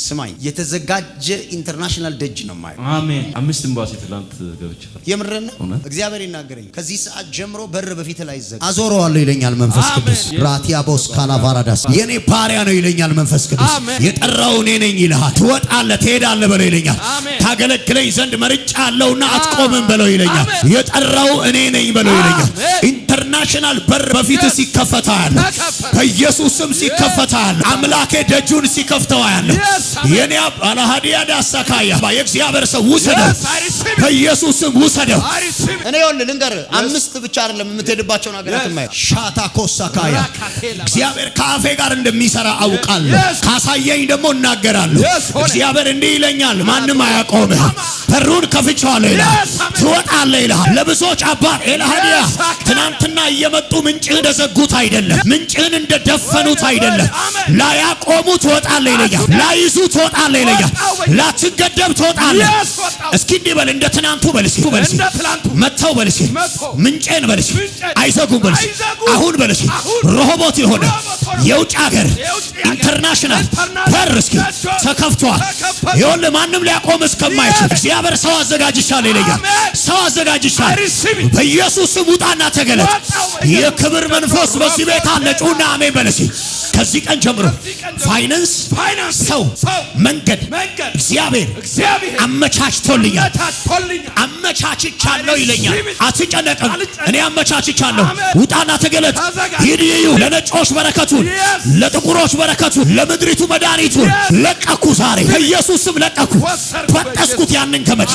ስማኝ የተዘጋጀ ኢንተርናሽናል ደጅ ነው የማየው። አሜን። አምስት ኤምባሲ ትላንት ገብቼ የምር እግዚአብሔር ይናገረኝ። ከዚህ ሰዓት ጀምሮ በር በፊት ላይ ይዘጋ አዞረዋለሁ ይለኛል መንፈስ ቅዱስ። ራቲያ ቦስ ካላቫራዳስ የኔ ባሪያ ነው ይለኛል መንፈስ ቅዱስ። የጠራው እኔ ነኝ ይልሃል። ትወጣለህ ትሄዳለህ በለው ይለኛል። ታገለግለኝ ዘንድ መርጫ አለውና አትቆምም በለው ይለኛል። የጠራው እኔ ነኝ በለው ይለኛል። ኢንተርናሽናል በር በፊት ሲከፈታል፣ በኢየሱስ ስም ሲከፈታል። አምላኬ ደጁን ሲከፍተዋል። የኔ አላሃዲያ ዳሳካያ የእግዚአብሔር ሰው ውሰደው፣ በኢየሱስ ውሰደው። እኔ ይኸውልህ ልንገርህ፣ አምስት ብቻ አይደለም የምትሄድባቸውን ሀገራት ማየት ሻታ ኮሳካያ እግዚአብሔር ከአፌ ጋር እንደሚሰራ አውቃለሁ። ካሳየኝ ደግሞ እናገራለሁ። እግዚአብሔር እንዲህ ይለኛል፣ ማንም አያቆምህ በሩን ከፍቼዋለሁ ይልሃል። ትወጣለህ ይልሃል። ለብዙዎች አባት ኤልሃዲያ ትናንትና እየመጡ ምንጭህን እንደዘጉት አይደለም፣ ምንጭህን እንደደፈኑት አይደለም። ላያቆሙ ትወጣለህ ይለኛል። ላይዙ ትወጣለህ ይለኛል። ላትገደብ ትወጣለህ። እስኪ እንዲህ በል፣ እንደ ትናንቱ በልሲ በልሲ መጥተው በልሲ ምንጬን በልሲ አይዘጉም በልሲ አሁን በልሲ ሮሆቦት የሆነ የውጭ ሀገር ኢንተርናሽናል በር እስኪ ተከፍቷል። ይሁን ማንም ሊያቆም እስከማይችል እግዚአብሔር ሰው አዘጋጅሻል ይለኛል። ሰው አዘጋጅሻል። በኢየሱስ ስም ውጣና ተገለጥ። የክብር መንፈስ በዚህ ቤት አለ። ጩና አሜን በለሲ ከዚህ ቀን ጀምሮ ፋይናንስ ሰው መንገድ እግዚአብሔር አመቻችቶልኛል አመቻችቻለሁ ይለኛል። አትጨነቅም፣ እኔ አመቻችቻለሁ። ውጣና ተገለጥ። ሂድ ይዩ ለነጮች በረከቱን፣ ለጥቁሮች በረከቱን፣ ለምድሪቱ መድኃኒቱን ለቀኩ። ዛሬ ከኢየሱስ ስም ለቀኩ። በጠስኩት ያንን ገመድ